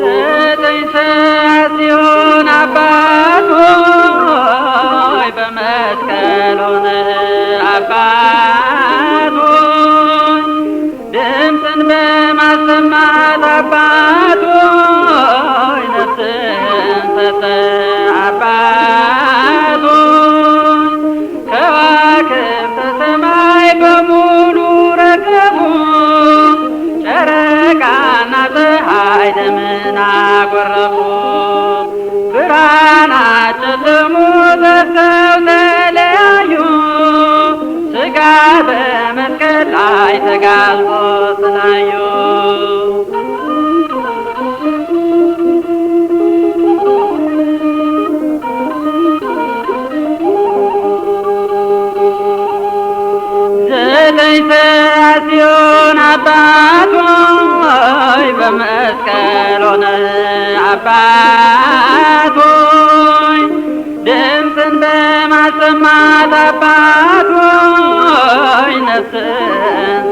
ዘጠኝ ሰዓት ሲሆን አባት ሆይ በመስቀል ሕፃናት ጥሙ ተሰው ተለያዩ። በመስቀል ላይ ተጋልጦ ስላዩ ዘጠኝ አባት በመስቀል ሆነ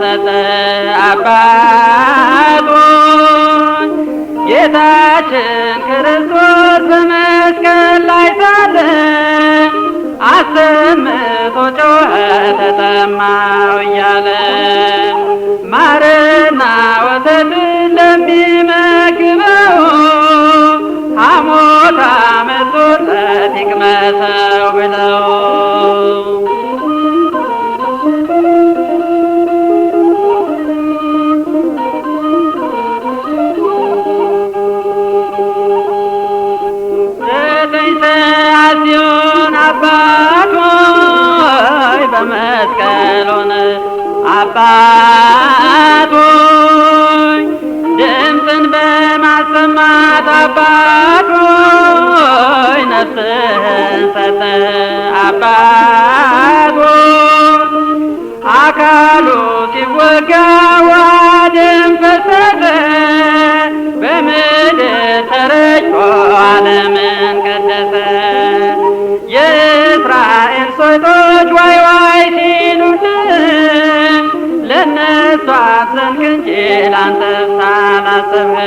የሰጠ አባቶን ጌታችን ክርስቶስ በመስቀል ላይ መስቀሉን አባቶኝ ድምፅን በማሰማት አባቶኝ ነፍስህን ሰጠ አባቶ አካሉ ሲወጋዋ ዋድም ፈሰሰ በምድር ተረጭቶ ዓለምን ቀደሰ የእስራኤል ሶይቶ ከእነሱ አዘንክ እንጂ ላንተ ሳላሰብህ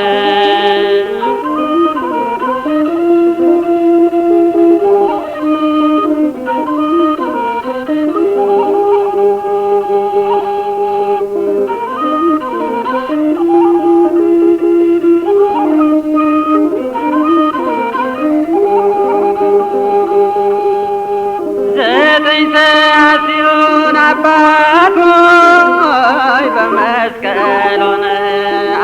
ዘጠኝ ሰዓት ሲሆን አባ መስቀሉን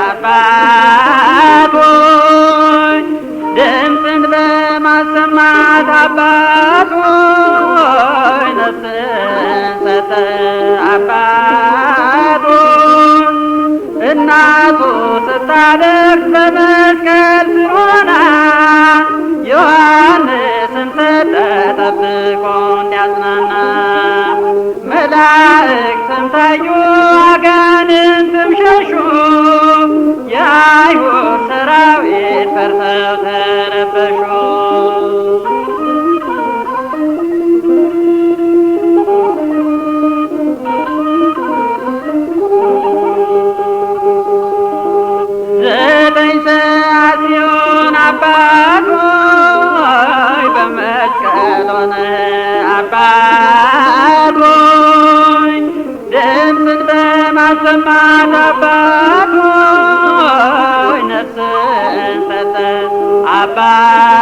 አባቱን ድምፅን በማሰማት አባቱን ነፍስን ሰጠ እናቱ ስታደርግ በመስቀል ስር ዮሐንስን ሰጠ ጠብቆ እንዲያጽናና መላእክትም ታዩ አጋንንትም ሸሹ የአይሁድ ሰራዊት ፈርተው ተረበሹ። 拜。